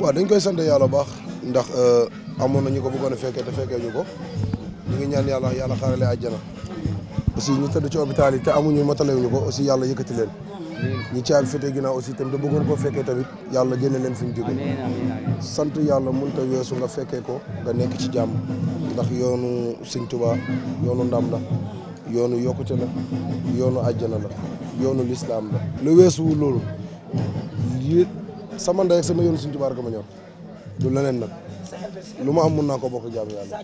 waaw dañ koy sant yàlla baax ndax euh, amoon nañu ko bëggoon a fekkee te fekkee ñu ko ñu ngi ñaan yàlla yàlla xaarale àjjana aussi ñu tëdd ci hôpital yi te amuñu ñu ko aussi yàlla yëkkati leen ñi caabi féete ginnaaw aussi tamit da bëggoon ko fekkee tamit yàlla génne fi ñu jóge sant yàlla mënta weesu nga fekkee ko nga nekk ci jàmm ndax yoonu Sëñ yoonu ndam la yoonu yokkute la yoonu àjjana la yoonu lislaam la lu weesuwu loolu sama ndey si sama yoonu suñu tubaar ko ma ñor du leneen nag lu ma am mun naa ko bokk jaamu yàlla